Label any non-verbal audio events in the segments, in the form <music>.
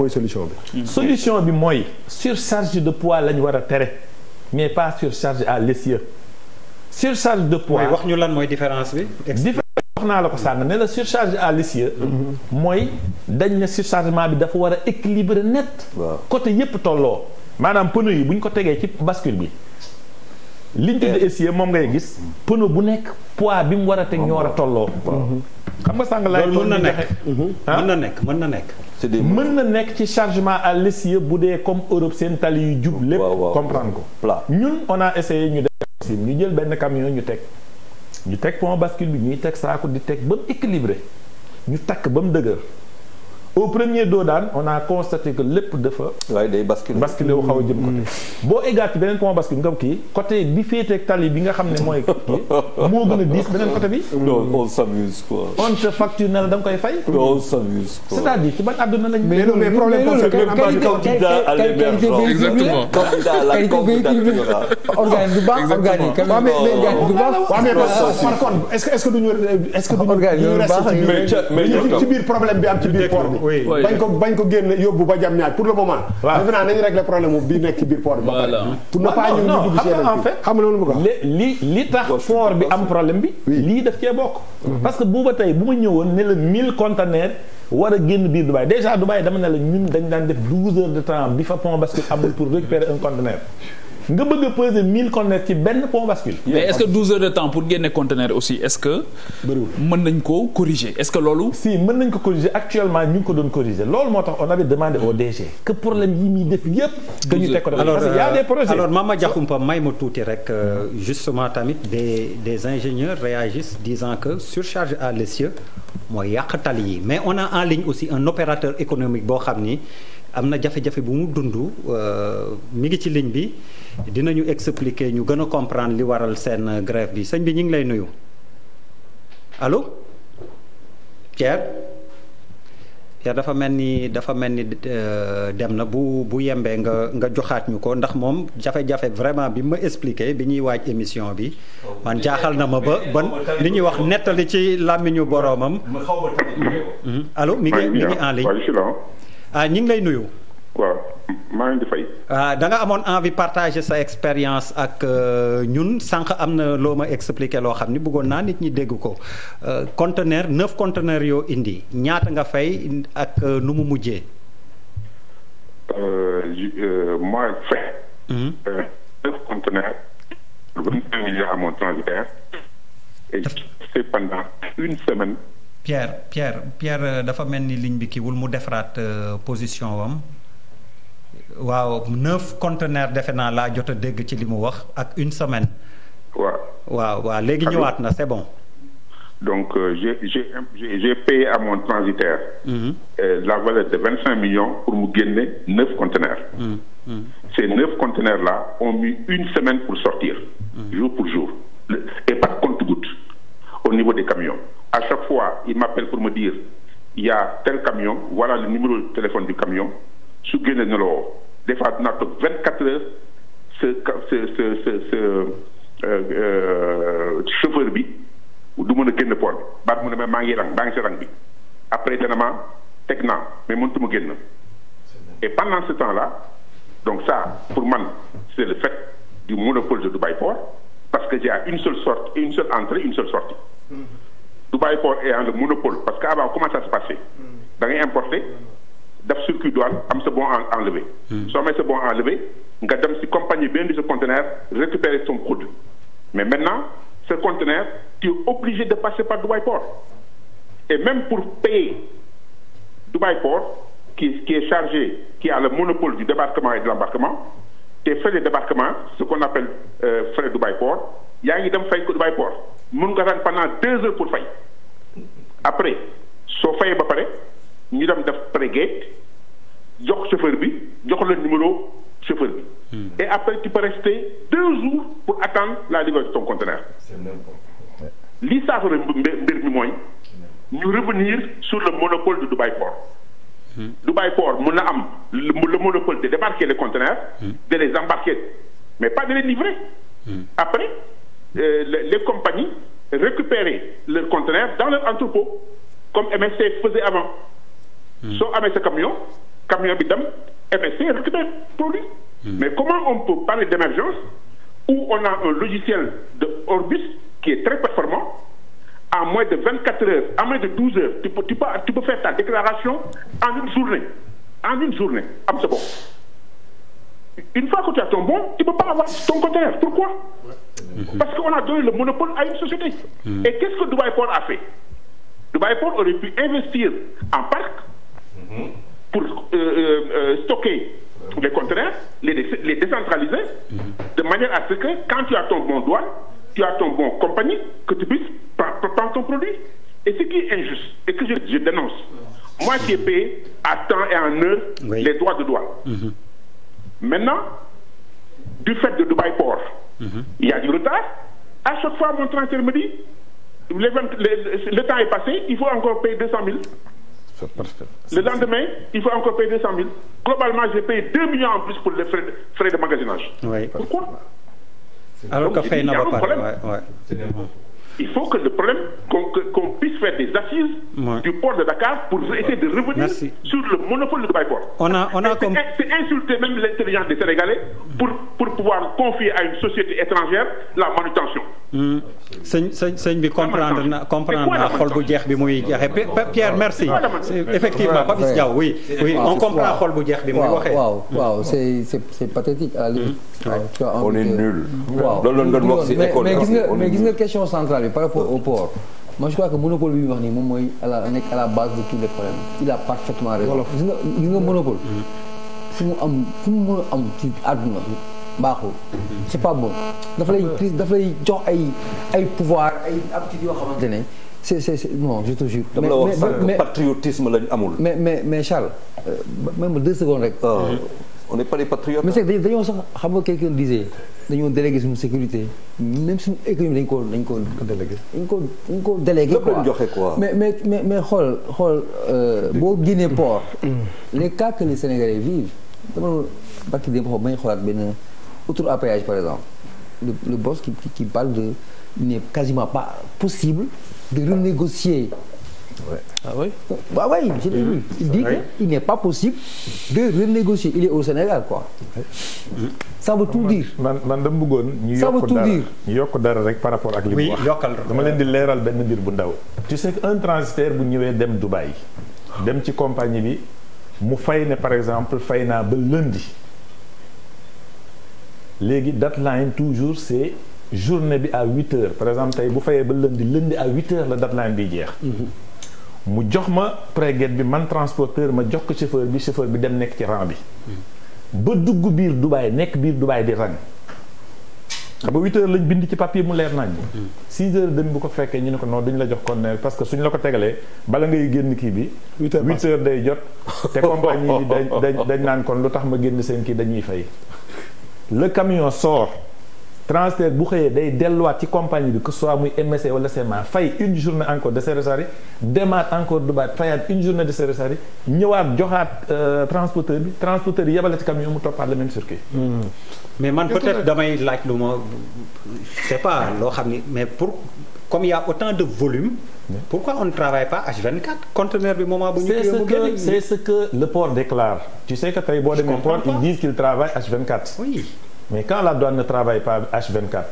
mooy solution bi. Mm-hmm. solution bi mooy surcharge de poids lañ war a tere mais pas surcharge à l'essieu surcharge de poids wax ñu lan mooy différence bi. wax naa la ko sànq ne la surcharge à l'essieu mm-hmm. mooy dañ ne surchargement bi dafa war a équilibré net. côté yépp tolloo maanaam pneu yi bu ko tegee ci bascule bi. liñ tuddee essieu moom ngay gis pneu bu nekk poids bi mu war a teg ñoo war a tolloo xam nga sàng laay mhm. ah? mën na nekk mën na nekk mën na nekk mën na nekk ci chargement à l'essieu bu dee comme Europe seen tali yu jub lépp comprendre ko ñun on a essayé ñu def ñu jël benn camion ñu teg ñu teg pont bascule bi ñuy teg saako di teg ba mu équilibré ñu takk ba mu dëgër au premier doodaan on a constaté que lépp dafa. waaye xaw a jëm côté. Mm. boo eggaat ci beneen point bascule nga kii côté bi féete tali bi nga xam ne mooy. moo gën a diis beneen côté bi. <laughs> non du baax organique. waaw mais mais ci biir problème bi am ci biir port bi. oui bañ ko bañ ko génne yóbbu ba jam ñaar pour le moment. waaw defe naa nañu régler problème bi nekk biir pour ne ah, pas ñu ñu dugg seen en a am problème bi. lii daf cee bokk. Mhm. parce que bu ba tey bu ma ñëwoon ne la 1000 conteneurs. war a génn biir Dubaï déjà Dubaï dama ne la ñun dañ daan def 12 heures de temps bi fa pont bascule amul pour récupérer un conteneur. nga bëgg a peser 1000 conteneurs ci benn pon bascule. mais est ce que 12 heures de temps pour génne conteneur aussi est ce que. bëriwul mën corriger est ce que loolu. si mën nañ ko corriger actuellement ñu ngi ko doon corriger loolu moo tax on avait demandé au DG. que problème yi muy def yëpp. que ñu teg parce que y a des projets. alors Mama euh, tamit des des ingénieurs réagissent disant que surcharge à l'essieu mooy yàq tali yi mais on a en ligne aussi un opérateur économique boo xam ni am na jafe-jafe bu mu dund euh, mu ngi ci ligne bi dinañu expliquer ñu gën a comprendre li waral seen grève bi sëñ bi ñu ngi lay nuyu allo Pierre. Pierre dafa mel ni dafa mel ni euh, dem na bu bu yembee nga nga joxaat ñu ko ndax moom jafe-jafe vraiment bi ma expliqué bi ñuy waaj émission bi oh, man jaaxal na ma ba ban li ñuy wax nettali ci làmmiñu boroomam. Hmm? allo mi ngi mi ngi en ligne ah ñu ngi lay nuyu. maa ngi fay. Ah, da nga amoon envie partager sa expérience ak euh, ñun sanq am na loo ma expliqué loo xam ni buggoon naa nit ñi dégg ko euh, conteneur neuf conteneur yoo indi ñaata nga fay ak euh, nu mu mujjee. moi hmm. Pierre Pierre Pierre dafa mel ni ligne bi kiiwul mu defaraat position wam waaw neuf conteneurs defe naa laa jot a dégg ci li mu wax ak une semaine. waaw waaw waaw léegi ñëwaat na c'est bon. donc euh, j'ai j'ai j'ai payé à mon transitaire. Mm-hmm. Euh, la valeur de vingt cinq millions pour mu génne neuf conteneurs. Mmh. Mmh. ces neuf conteneurs là ont mis une semaine pour sortir. Mm-hmm. jour pour jour et par compte-gouttes au niveau des camions. à chaque fois il m'appelle pour me dire il y a tel camion voilà le numéro de téléphone du camion. su génne nelawoo des fois dinaa toog vingt quatre heures sa sa sa sa sa euh, euh, chauffeur bi du mën a génn port bi baat mu ne ma maa ngi rang maa ngi si rang bi après dana ma teg naa mais mënutuma génn et pendant ce temps là donc ça pour man c'est le fait du monopole de Dubaï Port parce que j'ai une seule sorte une seule entrée une seule sortie mm-hmm. Dubaï Port ayant le monopole parce que avant comment ça se passait mm-hmm. da ngay importer mm-hmm. daf circuit douane am sa bon enlevé. Hmm. soo amee sa bon enlevé nga dem si compagnie bi indi sa conteneur récupérer son produit mais maintenant ce conteneur tu es obligé de passer par Dubaï Port et même pour payer Dubaï Port qui qui est chargé qui a le monopole du débarquement et de l'embarquement te frais de débarquement ce qu'on appelle euh, frais Dubaï Port yaa ngi dem fay ko Dubaï Port mun nga daan pendant deux heures pour fay après soo fayee ba pare. ñu dem def pré-gate jox chauffeur bi jox numéro chauffeur bi. Hmm. et après tu peux la livraison de ton conteneur. li saafara mbir mi mooy revenir sur le monopole de Dubaï Port. Hmm. Dubaï Port mën na am le monopole de débarquer les conteneurs. Hmm. de les embarquer mais pas de les livrer. après euh, les compagnies récupérer le conteneurs dans leur entrepôt comme MSC faisait avant. soo amee sa camion camion bi dem eh hmm. mais comment on peut parler d'émergence où on a un logiciel de qui est très performant en moins de vingt quatre heures en moins de douze heures tu peux faire ta déclaration en une journée en une journée am sa bon une que tu as ton bon tu peux pas avoir ton contraire pourquoi parce qu'on a donné le monopole à une société hmm. et qu'est-ce que Dubaï a fait Dubaï aurait pu investir en parc Mm-hmm. pour euh, euh, euh, stocker les conteneurs, les, les décentraliser, de manière à ce que quand tu as ton bon douane, tu as ton bon compagnie, que tu puisses prendre ton produit. Et ce qui est injuste, et que je, je dénonce, moi j'ai payé à temps et en heure les droits de douane. Mm-hmm. Maintenant, du fait de Dubaï Port, mm-hmm. il y a du retard. À chaque fois, mon transfert me dit, les le temps est passé, il faut encore payer Le lendemain, il faut encore payer 200 000. Globalement, j'ai payé 2 millions en plus pour les frais de, magasinage. Pourquoi Alors que fait n'a pas. il faut que le problème qu'on qu'on puisse faire des assises du port de Dakar pour essayer de revenir sur le monopole du Dubaï On a on a comme c'est la manutention. Hmm. sëñ sëñ sëñ bi comprendre na comprendre naa xol jeex bi muy jeexee Pierre merci effectivement Papis Diaw oui oui on comprend xol bu jeex bi muy waxee. waaw hmm. la limite. mais question centrale bi par rapport au port moi je crois que monopole bi ñu wax nii moom mooy à la nekk à la base de tous les problèmes il a parfaitement raison gis nga gis nga monopole mm-hmm. fu mu am fu mu mën a am ci àdduna baaxul mm-hmm. c'est pas bon dafa lay prise dafa lay jox ay ay pouvoir ay aptitudes yoo xamante ne c'est c'est non je te jure. dama la wax sànq patriotisme lañ amul. mais mais mais Charles euh, même deux secondes rek. Ah. Mm-hmm. on n'est pas des patriotes. mais c'est dañoo sax xam nga quelqu'un disait dañoo délégué suñu sécurité même suñu économie dañ koo dañ koo. délégué dañ koo dañ koo délégué. quoi joxe quoi. mais mais mais mais xool xool euh, boo génnee mm. port. Mm. les cas que les Sénégalais vivent dama doon bakki démb xool ba ñu xoolaat benn autoroute à péage par exemple le le boss qui qui parle de il n'est quasiment pas possible de renégocier. Ah oui Bah oui, je l'ai vu. Il dit ah qu'il n'est pas possible de renégocier. Il est au Sénégal, quoi. Ça veut tout dire. man man dama bëggoon ñu yokk dara yokk dara rek par rapport ak li mu wax dama leen di leeral benn mbir bu ndaw tu sais que un transitaire bu ñëwee dem Dubaï dem ci compagnie bi mu fay ne par exemple fay naa ba lundi léegi deadline toujours c'est journée bi à huit heures par exemple tey bu fayee ba lundi lundi à huit heures la deadline bi jeex mhm. mu jox ma préguet bi man transporteur ma jox ko chauffeur bi chauffeur bi dem nekk ci rang bi ba dugg biir Dubaay nekk biir Dubaay di rang xam nga huit heures lañ bind ci papier mu leer nañ six heures demi bu ko fekkee ñu ne ko non duñ la jox conteneur parce que ñu la ko tegalee bala ngay génn kii bi huit heures day jot <laughs> te compagnie bi dañ dañ dañ naan kon lu tax ma génn seen kii dañuy fay le camion sort transfert bu xëyee day delluwaat ci compagnie bi que soit muy MSC wala CMA fay une journée encore de ses salariés demaat encore dubaat fayaat une journée de ses salariés ñëwaat joxaat euh, transporteur bi transporteur yi yebale ci camion mu toppaat le même circuit. Hmm. mais man peut-être damay laaj lu ma c'est pas loo xam ni mais pour comme il a autant de volume. pourquoi on ne travaille pas H24 conteneur bi moment bu ñu. c'est ce que c'est ce que déclare. Mais quand la douane ne travaille pas H24,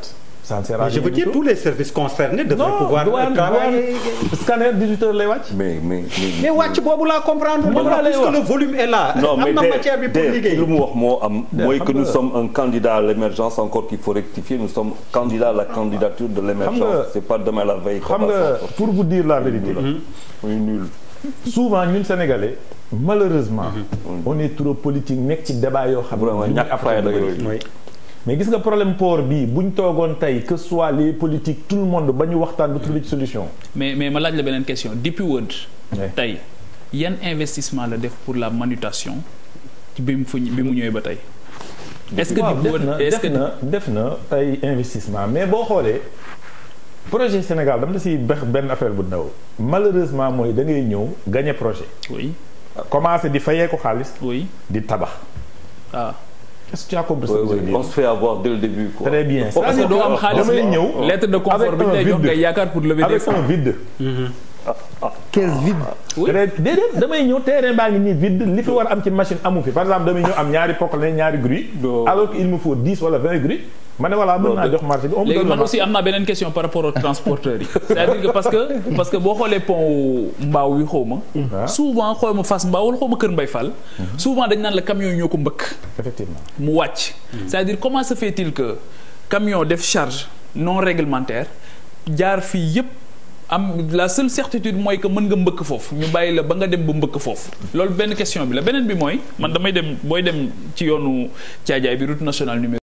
ça ne sert à rien. Je veux les services concernés devraient non, pouvoir douane, travailler. Douane, scanner 18 heures les watch. Mais, mais, mais, watch boobu laa comprendre. parce que le est là. non mais mu wax am. mooy que nous sommes un candidat à l'émergence encore qu'il faut rectifier nous sommes candidats à la candidature de l'émergence. c'est pas demain la veille. xam nga pour vous dire la vérité. muy nul. souvent ñun sénégalais. malheureusement. Mhm. on est trop politique nekk ci débat yoo xam ne. ñàkk fayda yooyu mais gis nga problème port bi buñ toogoon tey que soit les politique tout le monde ba ñu waxtaan ba trouver solution. mais mais ma laaj la beneen question DP World. tey yan investissement la def pour la manutention bi mu fu bi mu ñëwee ba tey. est-ce que DP World est-ce que def na def ay investissement mais boo xoolee. projet Sénégal dama la si bex benn affaire bu ndaw malheureusement mooy da ngay ñëw gagné projet. oui commencé di fayee ko xaalis. oui di tabax. Ah. est-ce que on se fait avoir dès le début quoi. très bien parce que doo am xaalis damay ñëw lettre de confort bi ñu lay jox ngay yaakaar mhm. ah, ah, ah. damay ñëw terrain baa ngi nii vide li fi war am ci machine amu fi par exemple damay ñëw am ñaari pocle ñaari grue alors qu'il me faut dix wala vingt grue ma voilà mën naa jox marché bi. on léegi man aussi am naa beneen question par rapport aux transporteurs yi. cest dire que parce que boo xoolee pont mbaaw wi xaw ma. Ah. souvent xaw ma Fass Mbao wala xaw ma Kër Mbay Fall. Mhm. souvent dañ naan la camion yi ñoo ko mbëkk. effectivement mu wàcc. Mhm. c'est-à-dire comment se fait-il que camion def charge non réglementaire jaar fii yépp am la seule certitude mooy que mën nga mbëkk foofu ñu bàyyi la ba nga dem ba mbëkk foofu loolu benn question bi la beneen bi mooy man damay dem booy dem ci yoonu caajaay bi route